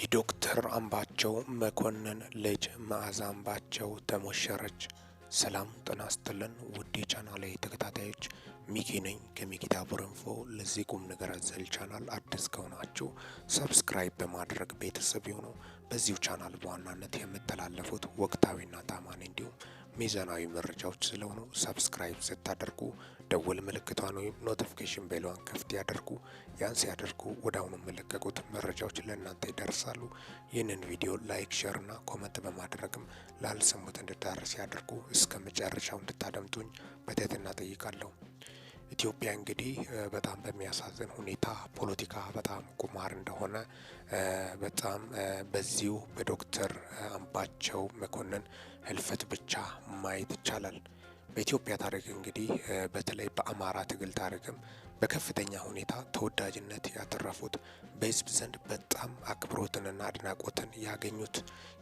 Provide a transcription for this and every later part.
የዶክተር አምባቸው መኮንን ልጅ መዓዛ አምባቸው ተሞሸረች። ሰላም ጤና ይስጥልን ውድ የቻናሌ ተከታታዮች ሚኪ ነኝ ከሚኪታ ቡርንፎ። ለዚህ ቁም ነገር አዘል ቻናል አዲስ ከሆናችሁ ሰብስክራይብ በማድረግ ቤተሰብ የሆኑ በዚሁ ቻናል በዋናነት የምተላለፉት ወቅታዊና ታማኝ እንዲሁም ሚዛናዊ መረጃዎች ስለሆኑ ሰብስክራይብ ስታደርጉ ደወል ምልክቷን ወይም ኖቲፊኬሽን ቤሏን ክፍት ያደርጉ። ያን ሲያደርጉ ወደ አሁኑ የሚለቀቁት መረጃዎች ለእናንተ ይደርሳሉ። ይህንን ቪዲዮ ላይክ፣ ሼር እና ኮመንት በማድረግም ላልሰሙት እንድዳረስ ያደርጉ። እስከ መጨረሻው እንድታደምጡኝ በትህትና ጠይቃለሁ። ኢትዮጵያ እንግዲህ በጣም በሚያሳዝን ሁኔታ ፖለቲካ በጣም ቁማር እንደሆነ በጣም በዚሁ በዶክተር አምባቸው መኮንን ህልፈት ብቻ ማየት ይቻላል። በኢትዮጵያ ታሪክ እንግዲህ በተለይ በአማራ ትግል ታሪክም በከፍተኛ ሁኔታ ተወዳጅነት ያተረፉት በህዝብ ዘንድ በጣም አክብሮትንና አድናቆትን ያገኙት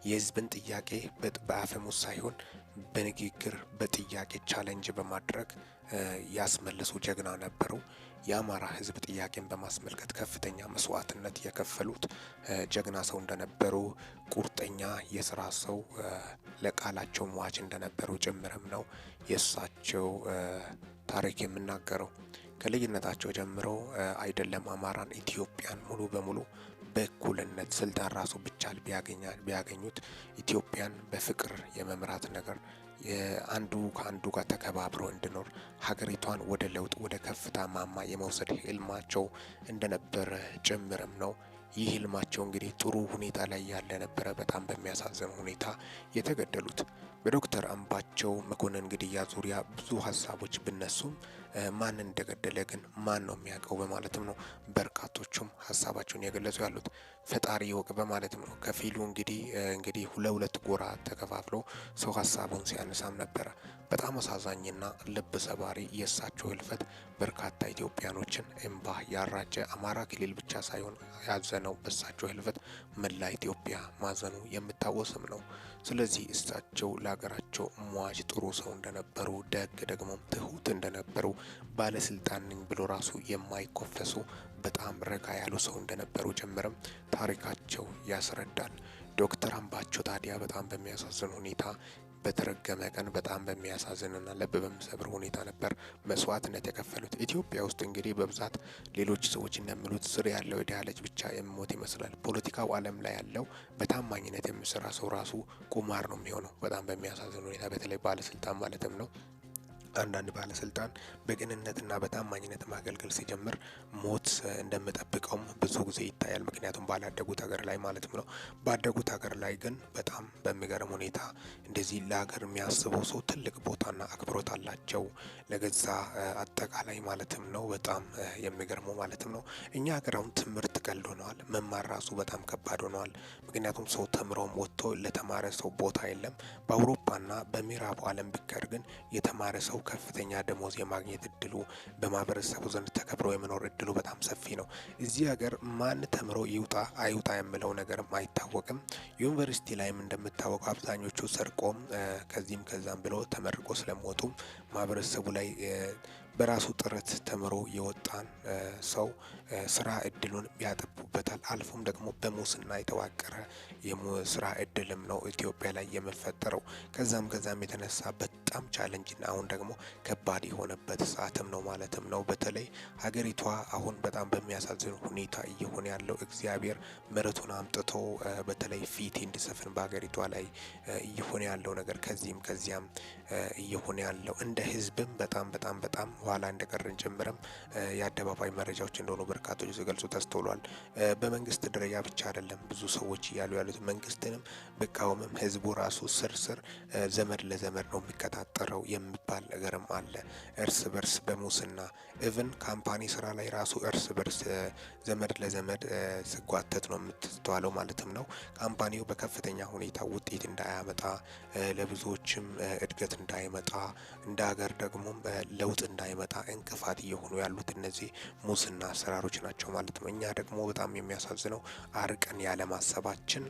የህዝብን ጥያቄ በአፈሙዝ ሳይሆን በንግግር በጥያቄ ቻለንጅ በማድረግ ያስመለሱ ጀግና ነበሩ። የአማራ ህዝብ ጥያቄን በማስመልከት ከፍተኛ መስዋዕትነት የከፈሉት ጀግና ሰው እንደነበሩ፣ ቁርጠኛ የስራ ሰው፣ ለቃላቸው ሟች እንደነበሩ ጭምርም ነው የእሳቸው ታሪክ የምናገረው። ከልዩነታቸው ጀምሮ አይደለም አማራን ኢትዮጵያን ሙሉ በሙሉ በእኩልነት ስልጣን ራሱ ብቻ ቢያገኙት ኢትዮጵያን በፍቅር የመምራት ነገር አንዱ ከአንዱ ጋር ተከባብሮ እንዲኖር ሀገሪቷን ወደ ለውጥ ወደ ከፍታ ማማ የመውሰድ ህልማቸው እንደነበረ ጭምርም ነው። ይህ ህልማቸው እንግዲህ ጥሩ ሁኔታ ላይ ያለ ነበረ። በጣም በሚያሳዝን ሁኔታ የተገደሉት በዶክተር አምባቸው መኮንን ግድያ ዙሪያ ብዙ ሀሳቦች ብነሱም ማን እንደገደለ ግን ማን ነው የሚያውቀው በማለትም ነው በርካቶቹም ሀሳባቸውን የገለጹ ያሉት። ፈጣሪ ይወቅ በማለትም ነው ከፊሉ እንግዲህ እንግዲህ ለሁለት ጎራ ተከፋፍሎ ሰው ሀሳቡን ሲያነሳም ነበረ። በጣም አሳዛኝና ልብ ሰባሪ የእሳቸው ህልፈት በርካታ ኢትዮጵያኖችን እምባ ያራጨ፣ አማራ ክልል ብቻ ሳይሆን ያዘነው በእሳቸው ህልፈት መላ ኢትዮጵያ ማዘኑ የምታወስም ነው። ስለዚህ እሳቸው ለሀገራቸው ሟች ጥሩ ሰው እንደነበሩ፣ ደግ ደግሞ ትሁት እንደነበሩ፣ ባለስልጣን ነኝ ብሎ ራሱ የማይኮፈሱ በጣም ረጋ ያሉ ሰው እንደነበሩ ጀምረም ታሪካቸው ያስረዳል። ዶክተር አምባቸው ታዲያ በጣም በሚያሳዝን ሁኔታ በተረገመ ቀን በጣም በሚያሳዝንና ልብ በሚሰብር ሁኔታ ነበር መስዋዕትነት የከፈሉት። ኢትዮጵያ ውስጥ እንግዲህ በብዛት ሌሎች ሰዎች እንደሚሉት ስር ያለው የድሃ ልጅ ብቻ የሚሞት ይመስላል። ፖለቲካው ዓለም ላይ ያለው በታማኝነት የሚሰራ ሰው ራሱ ቁማር ነው የሚሆነው። በጣም በሚያሳዝን ሁኔታ በተለይ ባለስልጣን ማለትም ነው። አንዳንድ ባለስልጣን በቅንነትና በታማኝነት ማገልገል ሲጀምር ሞት እንደምጠብቀውም ብዙ ጊዜ ይታያል። ምክንያቱም ባላደጉት ሀገር ላይ ማለትም ነው። ባደጉት ሀገር ላይ ግን በጣም በሚገርም ሁኔታ እንደዚህ ለሀገር የሚያስበው ሰው ትልቅ ቦታና አክብሮት አላቸው። ለገዛ አጠቃላይ ማለትም ነው። በጣም የሚገርመው ማለትም ነው። እኛ ሀገር አሁን ትምህርት ቀልድ ሆነዋል። መማር ራሱ በጣም ከባድ ሆነዋል። ምክንያቱም ሰው ተምረውም ወጥቶ ለተማረ ሰው ቦታ የለም። በአውሮፓና በምዕራቡ ዓለም ቢቀር ግን የተማረ ሰው ከፍተኛ ደሞዝ የማግኘት እድሉ በማህበረሰቡ ዘንድ ተከብሮ የመኖር እድሉ በጣም ሰፊ ነው። እዚህ ሀገር ማን ተምሮ ይውጣ አይውጣ የምለው ነገርም አይታወቅም። ዩኒቨርሲቲ ላይም እንደምታወቀው አብዛኞቹ ሰርቆም ከዚህም ከዛም ብሎ ተመርቆ ስለሞቱ ማህበረሰቡ ላይ በራሱ ጥረት ተምሮ የወጣን ሰው ስራ እድሉን ያጠቡበታል። አልፎም ደግሞ በሙስና የተዋቀረ የስራ እድልም ነው ኢትዮጵያ ላይ የሚፈጠረው። ከዛም ከዛም የተነሳ በጣም ቻለንጅና አሁን ደግሞ ከባድ የሆነበት ሰዓትም ነው ማለትም ነው። በተለይ ሀገሪቷ አሁን በጣም በሚያሳዝን ሁኔታ እየሆነ ያለው እግዚአብሔር ምረቱን አምጥቶ በተለይ ፊት እንዲሰፍን በሀገሪቷ ላይ እየሆነ ያለው ነገር ከዚህም ከዚያም እየሆነ ያለው እንደ ህዝብም በጣም በጣም በጣም ኋላ እንደቀረን ጭምርም የአደባባይ መረጃዎች እንደሆኑ በርካቶች ሲገልጹ ተስተውሏል። በመንግስት ደረጃ ብቻ አይደለም ብዙ ሰዎች እያሉ ያሉት መንግስትንም ብቃወምም ህዝቡ ራሱ ስር ስር ዘመድ ለዘመድ ነው የሚቀጣጠረው የሚባል ነገርም አለ እርስ በርስ በሙስና እብን ካምፕ ካምፓኒ ስራ ላይ ራሱ እርስ በርስ ዘመድ ለዘመድ ስጓተት ነው የምትስተዋለው ማለትም ነው። ካምፓኒው በከፍተኛ ሁኔታ ውጤት እንዳያመጣ ለብዙዎችም እድገት እንዳይመጣ እንደ ሀገር ደግሞ ለውጥ እንዳይመጣ እንቅፋት እየሆኑ ያሉት እነዚህ ሙስና አሰራሮች ናቸው ማለት ነው። እኛ ደግሞ በጣም የሚያሳዝነው አርቀን ያለማሰባችን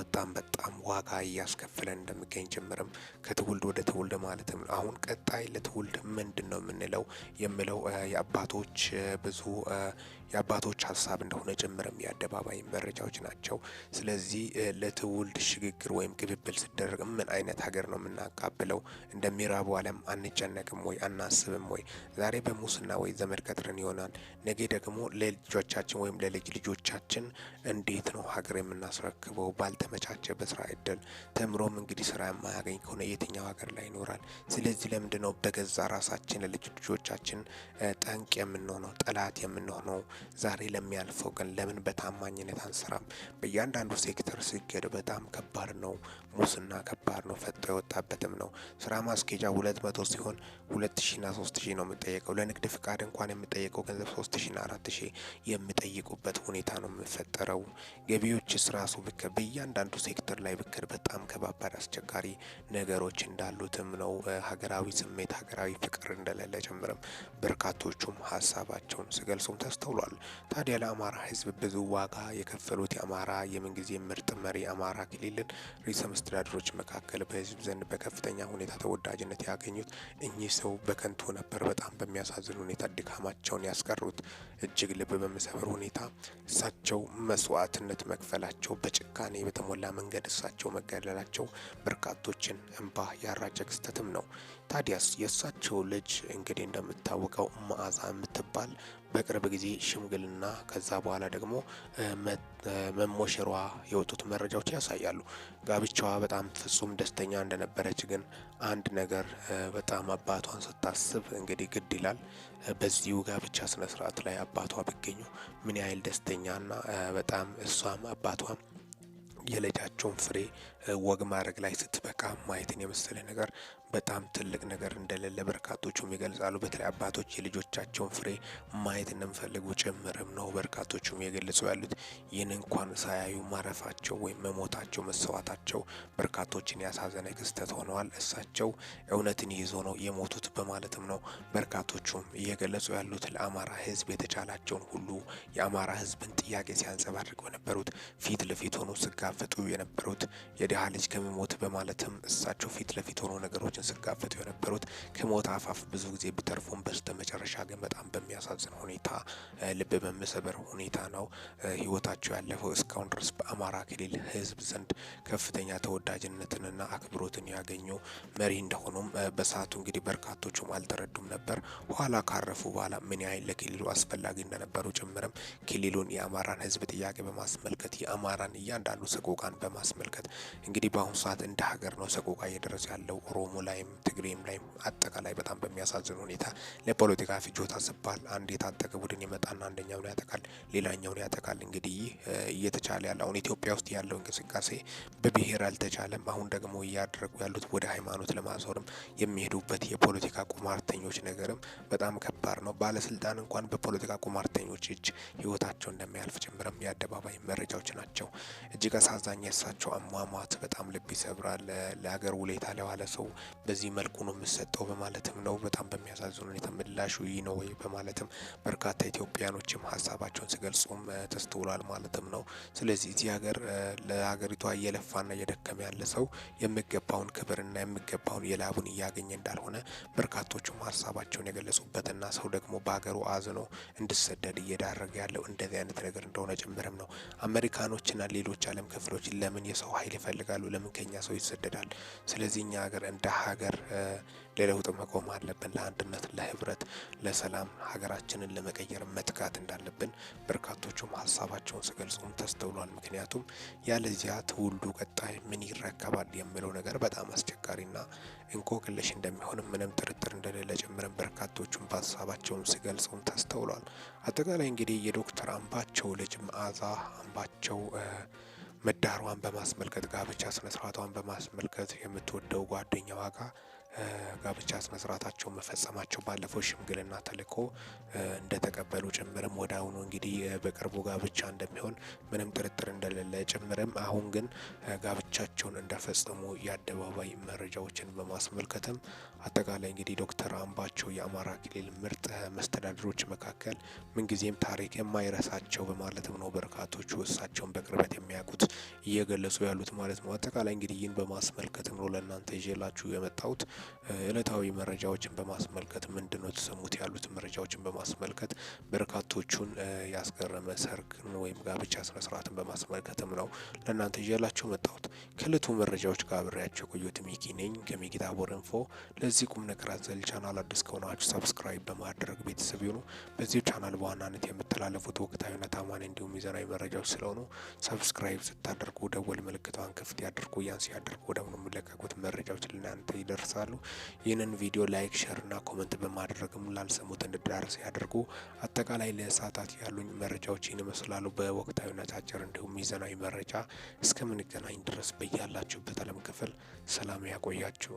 በጣም በጣም ዋጋ እያስከፍለን እንደሚገኝ ጭምርም ከትውልድ ወደ ትውልድ ማለትም አሁን ቀጣይ ለትውልድ ምንድን ነው የምንለው የምለው የአባቶች وتشابز የአባቶች ሀሳብ እንደሆነ ጭምርም የአደባባይ መረጃዎች ናቸው። ስለዚህ ለትውልድ ሽግግር ወይም ቅብብል ሲደረግ ምን አይነት ሀገር ነው የምናቃብለው? እንደሚራቡ አለም አንጨነቅም ወይ አናስብም ወይ? ዛሬ በሙስና ወይ ዘመድ ቀጥረን ይሆናል፣ ነገ ደግሞ ለልጆቻችን ወይም ለልጅ ልጆቻችን እንዴት ነው ሀገር የምናስረክበው? ባልተመቻቸ በስራ እድል ተምሮም እንግዲህ ስራ የማያገኝ ከሆነ የትኛው ሀገር ላይ ይኖራል? ስለዚህ ለምንድነው በገዛ ራሳችን ለልጅ ልጆቻችን ጠንቅ የምንሆነው ጠላት የምንሆነው? ዛሬ ለሚያልፈው ቀን ለምን በታማኝነት አንሰራም? በእያንዳንዱ ሴክተር ሲገድ በጣም ከባድ ነው። ሙስና ከባድ ነው። ፈጥሮ የወጣበትም ነው። ስራ ማስኬጃ ሁለት መቶ ሲሆን ሁለት ና ሶስት ሺ ነው የምጠየቀው። ለንግድ ፍቃድ እንኳን የምጠየቀው ገንዘብ ሶስት ና አራት ሺ የሚጠይቁበት ሁኔታ ነው የምፈጠረው ገቢዎች ስራሱ ብክር በእያንዳንዱ ሴክተር ላይ ብክር በጣም ከባባድ አስቸጋሪ ነገሮች እንዳሉትም ነው ሀገራዊ ስሜት ሀገራዊ ፍቅር እንደሌለ ጭምርም በርካቶቹም ሀሳባቸውን ሲገልጹም ተስተውሏል። ተናግሯል። ታዲያ ለአማራ ህዝብ ብዙ ዋጋ የከፈሉት የአማራ የምንጊዜ ምርጥ መሪ አማራ ክልልን ርዕሰ መስተዳድሮች መካከል በህዝብ ዘንድ በከፍተኛ ሁኔታ ተወዳጅነት ያገኙት እኚህ ሰው በከንቱ ነበር። በጣም በሚያሳዝን ሁኔታ ድካማቸውን ያስቀሩት እጅግ ልብ በሚሰብር ሁኔታ እሳቸው መስዋዕትነት መክፈላቸው፣ በጭካኔ በተሞላ መንገድ እሳቸው መገደላቸው በርካቶችን እንባ ያራጨ ክስተትም ነው። ታዲያስ የእሳቸው ልጅ እንግዲህ እንደምታወቀው መዓዛ የምትባል በቅርብ ጊዜ ሽምግልና ከዛ በኋላ ደግሞ መሞሸሯ የወጡት መረጃዎች ያሳያሉ። ጋብቻዋ በጣም ፍጹም ደስተኛ እንደነበረች ግን አንድ ነገር በጣም አባቷን ስታስብ እንግዲህ ግድ ይላል። በዚሁ ጋብቻ ስነ ስርዓት ላይ አባቷ ቢገኙ ምን ያህል ደስተኛና በጣም እሷም አባቷም የልጃቸውን ፍሬ ወግ ማድረግ ላይ ስትበቃ ማየትን የመሰለ ነገር በጣም ትልቅ ነገር እንደሌለ በርካቶቹም ይገልጻሉ። በተለይ አባቶች የልጆቻቸውን ፍሬ ማየት እንደምፈልጉ ጭምርም ነው በርካቶቹም የገለጹ ያሉት። ይህን እንኳን ሳያዩ ማረፋቸው ወይም መሞታቸው፣ መሰዋታቸው በርካቶችን ያሳዘነ ክስተት ሆነዋል። እሳቸው እውነትን ይዞ ነው የሞቱት በማለትም ነው በርካቶቹም እየገለጹ ያሉት። ለአማራ ሕዝብ የተቻላቸውን ሁሉ የአማራ ሕዝብን ጥያቄ ሲያንጸባርቁ የነበሩት ፊት ለፊት ሆኖ ሲጋፈጡ የነበሩት የድሃ ልጅ ከመሞት በማለትም እሳቸው ፊት ለፊት ሆኖ ነገሮችን ስጋፈቱ የነበሩት ከሞት አፋፍ ብዙ ጊዜ ቢተርፉም በስተ መጨረሻ ግን በጣም በሚያሳዝን ሁኔታ ልብ በመሰበር ሁኔታ ነው ህይወታቸው ያለፈው። እስካሁን ድረስ በአማራ ክልል ህዝብ ዘንድ ከፍተኛ ተወዳጅነትንና አክብሮትን ያገኙ መሪ እንደሆኑም በሰዓቱ እንግዲህ በርካቶቹም አልተረዱም ነበር። ኋላ ካረፉ በኋላ ምን ያህል ለክልሉ አስፈላጊ እንደነበሩ ጭምርም ክልሉን የአማራን ህዝብ ጥያቄ በማስመልከት የአማራን እያንዳንዱ ሰቆቃን በማስመልከት እንግዲህ በአሁኑ ሰዓት እንደ ሀገር ነው ሰቆቃ እየደረሰ ያለው። ኦሮሞ ላይም ትግሬም ላይም አጠቃላይ በጣም በሚያሳዝን ሁኔታ ለፖለቲካ ፍጆታ ሲባል አንድ የታጠቀ ቡድን ይመጣና አንደኛውን ያጠቃል፣ ሌላኛውን ያጠቃል። እንግዲህ ይህ እየተቻለ ያለ አሁን ኢትዮጵያ ውስጥ ያለው እንቅስቃሴ በብሔር አልተቻለም። አሁን ደግሞ እያደረጉ ያሉት ወደ ሃይማኖት ለማዞርም የሚሄዱበት የፖለቲካ ቁማርተኞች ነገርም በጣም ከባድ ነው። ባለስልጣን እንኳን በፖለቲካ ቁማርተኞች እጅ ህይወታቸው እንደሚያልፍ ጭምርም የአደባባይ መረጃዎች ናቸው። እጅግ አሳዛኝ የእሳቸው አሟሟት በጣም ልብ ይሰብራል። ለሀገር ውለታ ለዋለ ሰው በዚህ መልኩ ነው የምሰጠው በማለትም ነው በጣም በሚያሳዝን ሁኔታ ምላሹ ይህ ነው ወይ በማለትም በርካታ ኢትዮጵያኖችም ሀሳባቸውን ሲገልጹም ተስተውሏል ማለትም ነው። ስለዚህ እዚህ ሀገር ለሀገሪቷ እየለፋና እየደከመ ያለ ሰው የሚገባውን ክብርና የሚገባውን የላቡን እያገኘ እንዳልሆነ በርካቶቹም ሀሳባቸውን የገለጹበትና ሰው ደግሞ በሀገሩ አዝኖ እንዲሰደድ እየዳረገ ያለው እንደዚህ አይነት ነገር እንደሆነ ጭምርም ነው። አሜሪካኖችና ሌሎች ዓለም ክፍሎች ለምን የሰው ሀይል ይፈልጋል ይፈልጋሉ። ለምን ከኛ ሰው ይሰደዳል? ስለዚህ እኛ ሀገር እንደ ሀገር ለለውጥ መቆም አለብን። ለአንድነት፣ ለህብረት፣ ለሰላም ሀገራችንን ለመቀየር መትጋት እንዳለብን በርካቶቹም ሀሳባቸውን ሲገልጹም ተስተውሏል። ምክንያቱም ያለዚያ ትውልዱ ቀጣይ ምን ይረከባል የሚለው ነገር በጣም አስቸጋሪና እንቆቅልሽ እንደሚሆንም ምንም ጥርጥር እንደሌለ ጭምርም በርካቶቹም በሀሳባቸውን ሲገልጹም ተስተውሏል። አጠቃላይ እንግዲህ የዶክተር አምባቸው ልጅ መዓዛ አምባቸው ምዳሯን በማስመልከት ጋብቻ ስነስርዓቷን በማስመልከት የምትወደው ጓደኛዋ ጋር ጋብቻ ስነስርዓታቸው መፈጸማቸው ባለፈው ሽምግልና ተልኮ እንደተቀበሉ ጭምርም ወደ አሁኑ እንግዲህ በቅርቡ ጋብቻ እንደሚሆን ምንም ጥርጥር እንደሌለ ጭምርም አሁን ግን ጋብቻቸውን እንደፈጸሙ የአደባባይ መረጃዎችን በማስመልከትም አጠቃላይ እንግዲህ ዶክተር ከአምባቸው የአማራ ክልል ምርጥ መስተዳድሮች መካከል ምንጊዜም ታሪክ የማይረሳቸው በማለትም ነው በርካቶቹ እሳቸውን በቅርበት የሚያውቁት እየገለጹ ያሉት ማለት ነው። አጠቃላይ እንግዲህ ይህን በማስመልከትም ነው ለእናንተ ይዤላችሁ የመጣሁት እለታዊ መረጃዎችን በማስመልከት ምንድን ነው የተሰሙት ያሉት መረጃዎችን በማስመልከት በርካቶቹን ያስገረመ ሰርግን ወይም ጋብቻ ስነስርዓትን በማስመልከትም ነው ለእናንተ ይዤላችሁ መጣሁት። ከእለቱ መረጃዎች ጋር አብሬያቸው ቆየሁት። ሚኪ ነኝ ከሚኪታ ቦረንፎ ለዚህ ቁም ነገር አዘል ቻናል ቻናል አዲስ ከሆናችሁ ሰብስክራይብ በማድረግ ቤተሰብ ይሁኑ። በዚሁ ቻናል በዋናነት የምተላለፉት ወቅታዊና ታማኝ እንዲሁም ሚዛናዊ መረጃዎች ስለሆኑ ሰብስክራይብ ስታደርጉ ደወል ምልክቷን ክፍት ያድርጉ። ያንስ ያደርጉ ደግሞ የሚለቀቁት መረጃዎች ለእናንተ ይደርሳሉ። ይህንን ቪዲዮ ላይክ፣ እና ኮመንት በማድረግም ላልሰሙት እንዲዳረስ ያደርጉ። አጠቃላይ ለሰዓታት ያሉኝ መረጃዎች ይህን ይመስላሉ። በወቅታዊና አጭር እንዲሁም ሚዛናዊ መረጃ እስከምንገናኝ ድረስ በያላችሁበት ዓለም ክፍል ሰላም ያቆያችሁ።